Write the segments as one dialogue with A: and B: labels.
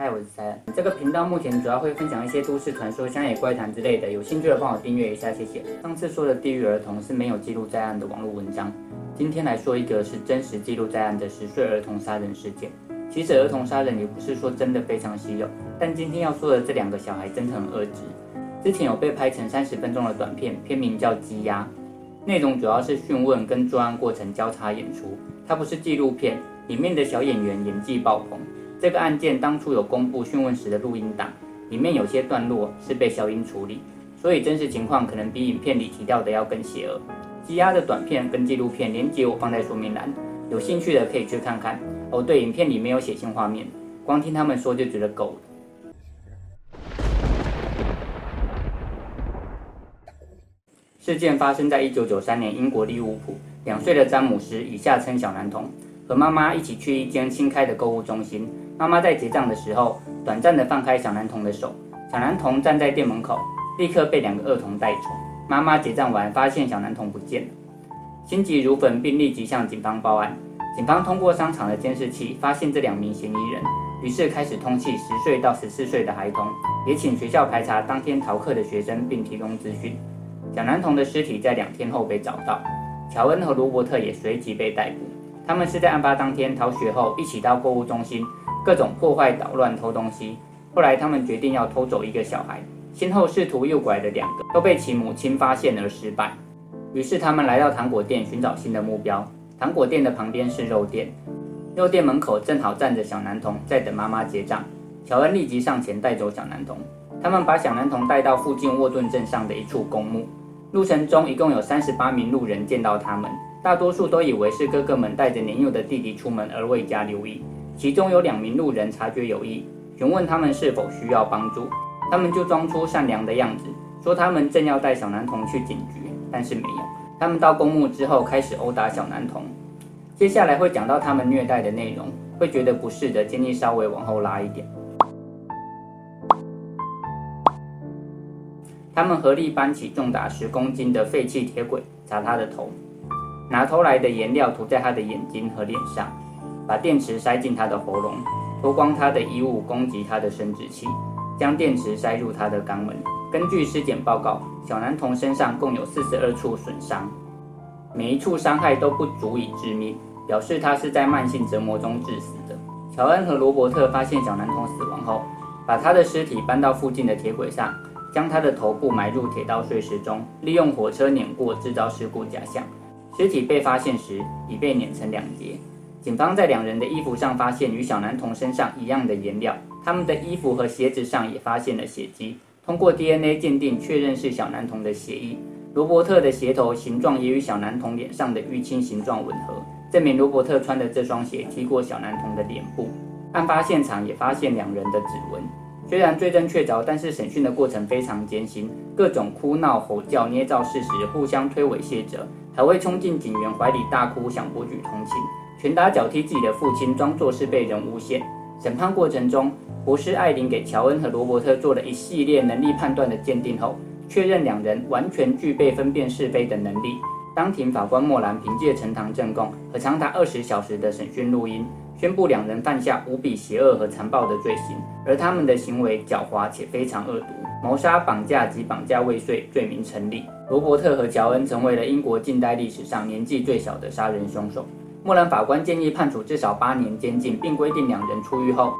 A: 嗨，我是 Sam。這個頻道目前主要會分享一些都市傳說、鄉野怪談之類的，有興趣的幫我訂閱一下，謝謝。上次說的地獄兒童是沒有記錄在案的網絡文章，今天來說一個是真實記錄在案的十歲兒童殺人事件。其實兒童殺人也不是說真的非常稀有，但今天要說的這兩個小孩真的很惡。之前有被拍成三十分鐘的短片，片名叫《羈押》，內容主要是訊問跟作案過程交叉演出，它不是紀錄片，裡面的小演員演技爆棚。這個案件當初有公布訊問時的錄音檔，裡面有些段落是被消音處理，所以真實情況可能比影片裡提到的要更邪惡。羈押的短片跟紀錄片連接我放在說明欄，有興趣的可以去看看。哦，對，影片裡沒有血腥畫面，光聽他們說就覺得夠了。事件發生在一九九三年，英國利物浦，兩歲的詹姆斯（以下稱小男童）和媽媽一起去一間新開的購物中心。媽媽在結賬的時候，短暫地放開小男童的手。小男童站在店門口，立刻被兩個惡童帶走。媽媽結賬完，發現小男童不見了，心急如焚，並立即向警方報案。警方通過商場的監視器發現這兩名嫌疑人，於是開始通緝十歲到十四歲的孩童，也請學校排查當天逃課的學生，並提供資訊。小男童的屍體在兩天後被找到，喬恩和羅伯特也隨即被逮捕。他們是在案發當天逃學後，一起到購物中心。各種破壞、搗亂、偷東西。後來，他們決定要偷走一個小孩，先後試圖誘拐了兩個，都被其母親發現而失敗。於是，他們來到糖果店尋找新的目標。糖果店的旁邊是肉店，肉店門口正好站着小男童，在等媽媽結賬。喬恩立即上前帶走小男童。他們把小男童帶到附近沃頓鎮上的一處公墓。路程中，一共有三十八名路人見到他們，大多數都以為是哥哥們帶着年幼的弟弟出門而未加留意。其中有兩名路人察覺有異，詢問他們是否需要幫助，他們就裝出善良的樣子，說他們正要帶小男童去警局，但是沒有。他們到公墓之後開始毆打小男童，接下來會講到他們虐待的內容，會覺得不適的建議稍微往後拉一點。他們合力搬起重達十公斤的廢棄鐵軌砸他的頭，拿偷來的顏料塗在他的眼睛和臉上。把電池塞進他的喉嚨，脫光他的衣物，攻擊他的生殖器，將電池塞入他的肛門。根據屍檢報告，小男童身上共有四十二處損傷，每一處傷害都不足以致命，表示他是在慢性折磨中致死的。喬恩和羅伯特發現小男童死亡後，把他的屍體搬到附近的鐵軌上，將他的頭部埋入鐵道碎石中，利用火車碾過製造事故假象。屍體被發現時已被碾成兩截。警方在兩人的衣服上發現與小男童身上一樣的顏料，他們的衣服和鞋子上也發現了血跡。通過 DNA 鑑定確認是小男童的血液。羅伯特的鞋頭形狀也與小男童臉上的淤青形狀吻合，證明羅伯特穿的這雙鞋踢過小男童的臉部。案發現場也發現兩人的指紋。雖然罪證確鑿，但是審訊的過程非常艱辛，各種哭鬧、吼叫、捏造事實、互相推諉卸責，還會衝進警員懷裡大哭，想博取同情。拳打腳踢自己的父親，裝作是被人誣陷。審判過程中，博士艾琳給喬恩和羅伯特做了一系列能力判斷的鑑定後，確認兩人完全具備分辨是非的能力。當庭法官莫蘭憑借呈堂證供和長達二十小時的審訊錄音，宣布兩人犯下無比邪惡和殘暴的罪行，而他們的行為狡猾且非常惡毒，謀殺、綁架及綁架未遂罪名成立。羅伯特和喬恩成為了英國近代歷史上年紀最小的殺人兇手。莫蘭法官建議判處至少八年監禁，並規定兩人出獄後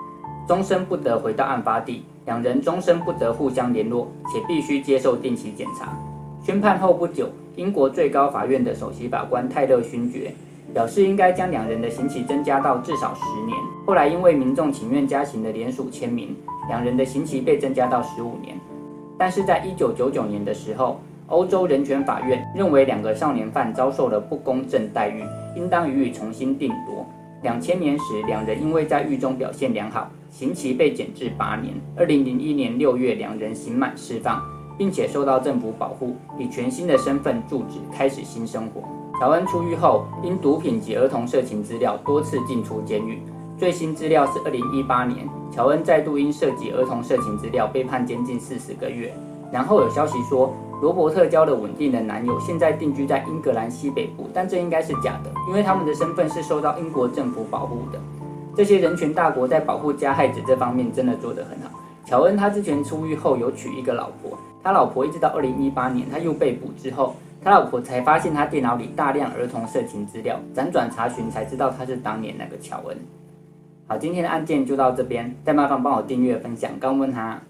A: 終身不得回到案發地，兩人終身不得互相聯絡，且必須接受定期檢查。宣判後不久，英國最高法院的首席法官泰勒勳爵表示，應該將兩人的刑期增加到至少十年。後來，因為民眾請願加刑的聯署簽名，兩人的刑期被增加到十五年。但是在一九九九年的時候，歐洲人權法院認為，兩個少年犯遭受了不公正待遇，應當予以重新定奪。兩千年時，兩人因為在獄中表現良好，刑期被減至八年。二零零一年六月，兩人刑滿釋放，並且受到政府保護，以全新的身份住址開始新生活。喬恩出獄後，因毒品及兒童色情資料多次進出監獄。最新資料是二零一八年，喬恩再度因涉及兒童色情資料被判監禁四十個月。然後有消息說，羅伯特交了穩定的男友，現在定居在英格蘭西北部，但這應該是假的，因為他們的身份是受到英國政府保護的。這些人權大國在保護加害者這方面真的做得很好。喬恩他之前出獄後有娶一個老婆，他老婆一直到二零一八年他又被捕之後，他老婆才發現他電腦裡大量兒童色情資料，輾轉查詢才知道他是當年那個喬恩。好，今天的案件就到這邊，再麻煩幫我訂閱、分享、剛問他。